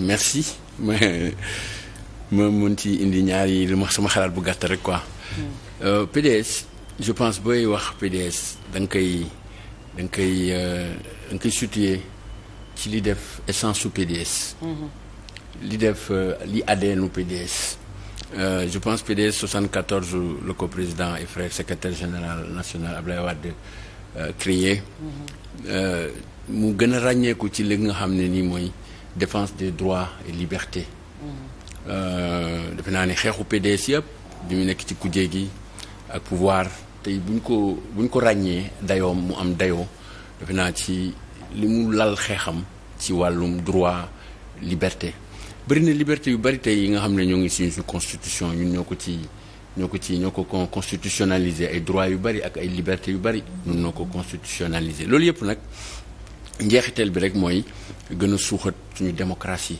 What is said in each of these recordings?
merci ma ma mun ci indi ñaar yi li ma sama xalaat bu gàtt rek quoi. Mm. Euh, PDS je pense booy wax PDS da nga koy da nga koy euh, da nga koy situer ci li def essence su PDS. Mm-hmm. li def euh, li ADN u PDS. Euh, je pense PDS 74 le président et frère secretaire général national Ablaye Wade créé mm-hmm. mu gën a ràññeeku ci li nga xam ne nii mooy défense des droits et libertés. Mm-hmm. Euh, defe naa ni xeexu PDS yëpp bi mu nekk ci kujje gi ak pouvoir tey bu ñu ko bu ko ràññee dayoom mu am dayoo defe naa ci li mu lal xeexam ci wàllum droit liberté bëri na liberté yu bari tey yi nga xam ne ñoo ngi suñu suñu constitution ñun ñoo ko ci ñoo ko ci ñoo ko constitutionnaliser ay droits yu bëri ak ay liberté yu bëri ñun noo ko constitutionnaliser loolu yëpp nag njeexital bi rek mooy gën a suuxat suñu démocratie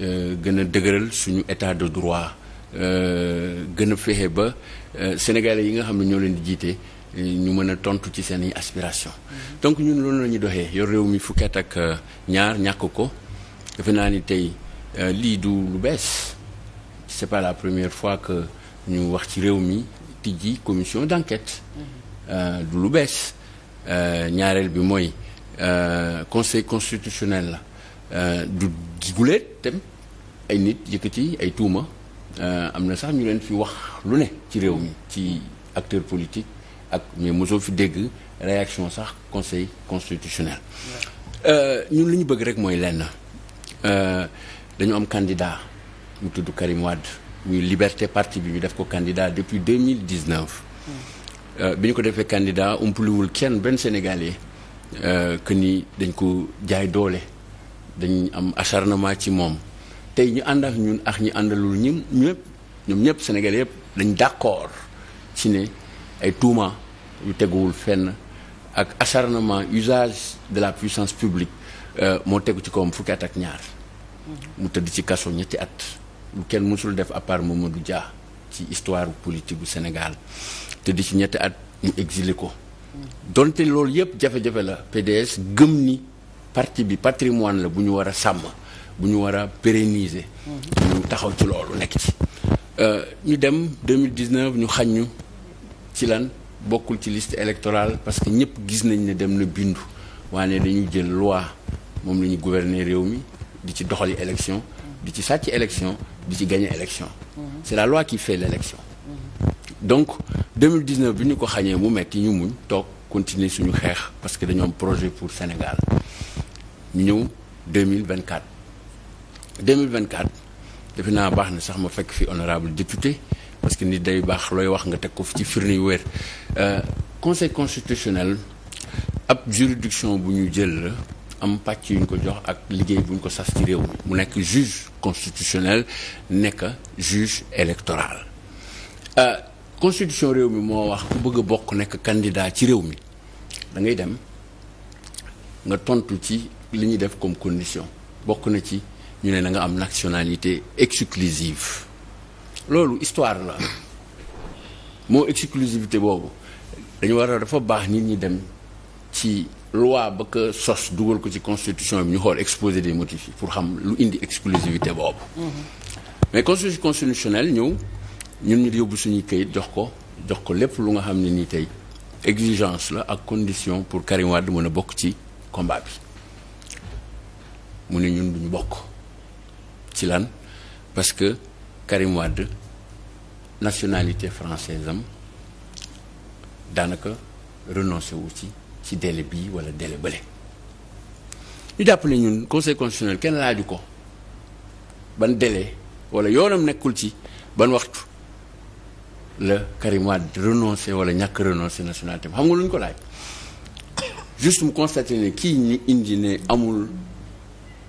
euh, gën a dëgëral suñu état de droit euh, gën a fexe ba euh, sénégalais yi nga xam ne ñoo leen di jiite ñu mën a tontu ci seen i aspiration mm-hmm. donc ñun loolu la ñuy doxee yor réew mi fukki at ak ñaar ñàkk ko defe naa ni tey lii du lu bees c'est pas la première fois que ñu wax ci réew mi tijji commission d'enquête mm-hmm. du lu bees ñaareel bi mooy Euh, conseil constitutionnel la euh, du guleet dem ay nit yëkkati ay tuuma euh, am na sax ñu leen fi wax lu ne ci réew mi ci acteur politique ak mais mosoo fi dégg réaction sax conseil constitutionnel ñu li ñu bëgg rek mooy lenn dañu am candidat mu tudd Karim Wade muy liberté parti bi ñu def ko candidat depuis 2019 mm. bi ñu ko defee candidat umpuliwul kenn benn sénégalais Euh, que ni dañ ko jaay doole dañ am acharnement ci moom tey ñu ànd ak ñun ak ñi àndalul ñu ñëpp ñoom ñëpp Sénégal yëpp dañ d'accord ci ne ay tuuma yu teguwul fenn ak acharnement usage de la puissance publique euh, moo tegu ci kawam fukki at ak ñaar mu tëdd ci kaso ñetti at lu kenn mësul def à part du jaa ci histoire politique bu Sénégal tëdd ci ñetti at ñu exilé ko donte loolu yëpp jafe-jafe la PDS gëm ni parti bi patrimoine la bu ñu war a sàmm bu ñu war a pérenniser. Mhm. taxaw ci loolu nekk ci. Euh, ñu dem 2019 ñu xañ ñu ci lan bokkul ci liste électorale parce que ñëpp gis nañ ne dem na bindu waane dañu jël loi moom la ñu gouverner réew mi di ci doxali élection di ci sàcc élection di ci gagner élection. Mhm. c'est la loi qui fait l'élection. Mhm. donc 2019 bi ñu ko xañee mu metti ñu muñ toog continuer suñu xeex parce que dañu am projet pour Sénégal ñu ñëw 2024 2024 defe naa baax na sax ma fekk fi honorable député parce que nit day baax looy wax nga teg ko fi ci firnde yu wér euh, conseil constitutionnel ab juridiction bu ñu jël am pàcc yu ñu ko jox ak liggéey buñ ko sas ci réew mi mu nekk juge constitutionnel nekk juge électoral euh, constitution réew mi moo wax ku bëgg a bokk nekk candidat ci réew mi da ngay dem nga tontu ci li ñuy def comme condition bokk na ci ñu ne na nga am nationalité exclusive loolu histoire la moo exclusivité boobu dañu war a dafa baax nit ñi dem ci loi ba ko sos dugal ko ci constitution bi ñu xool exposé des motifs pour xam lu indi exclusivité boobu mhm. mais constitution constitutionnelle ñëw ñun ñu yóbbu suñuy kayit jox ko jox ko lépp lu nga xam ne nii tey exigence la ak condition pour Karim Wade mën a bokk ci combat bi mu ne ñun duñu bokk ci lan parce que Karim Wade nationalité française am daanaka renoncé wu ci ci délai bii wala délai bële ñu jàpp ne ñun conseil constitutionnel kenn laaju ko ban délai wala yoonam nekkul ci ban waxtu la Karim Wade renoncé wala ñàkk renoncé nationalité xam nga lu ñu ko laaj juste mu constaté ne kii ñu indi ne amul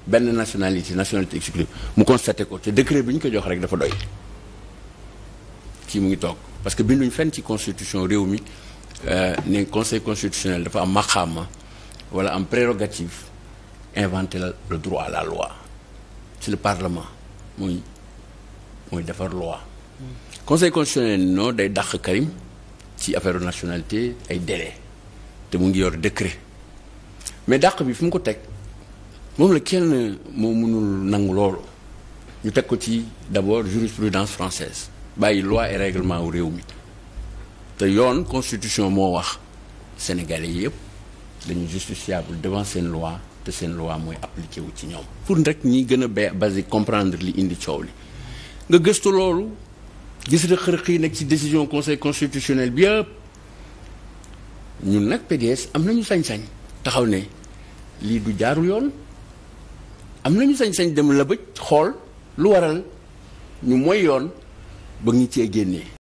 benn nationalité nationalité exclusive mu constaté ko te décret bi ñu ko jox rek dafa doy kii mu ngi toog parce que binduñ fenn ci constitution réew mi euh, ne conseil constitutionnel dafa am maxaama wala am prérogative inventer le droit à la loi ci le parlement muy muy defar loi hmm. conseil constitutionnel non day dàq Karim ci affaire nationalité ay délai te mu ngi yor décret mais dàq bi fi mu ko teg moom la kenn moo mënul nangu loolu ñu teg ko ci d'abord jurisprudence française bàyyi loi et règlement wu réew mi te yoon constitution moo wax sénégalais yëpp dañu justiciable devant seen loi te seen loi mooy appliqué wu ci ñoom pour rek ñi gën a ba basique comprendre li indi coow li nga gëstu loolu gis rëq-rëq yi nekk ci décision conseil constitutionnel bi yëpp ñun nag PDS am nañu sañ-sañ taxaw ne lii du jaaru yoon am nañu sañ-sañ dem la bëj xool lu waral ñu mooy yoon ba ñu cee génnee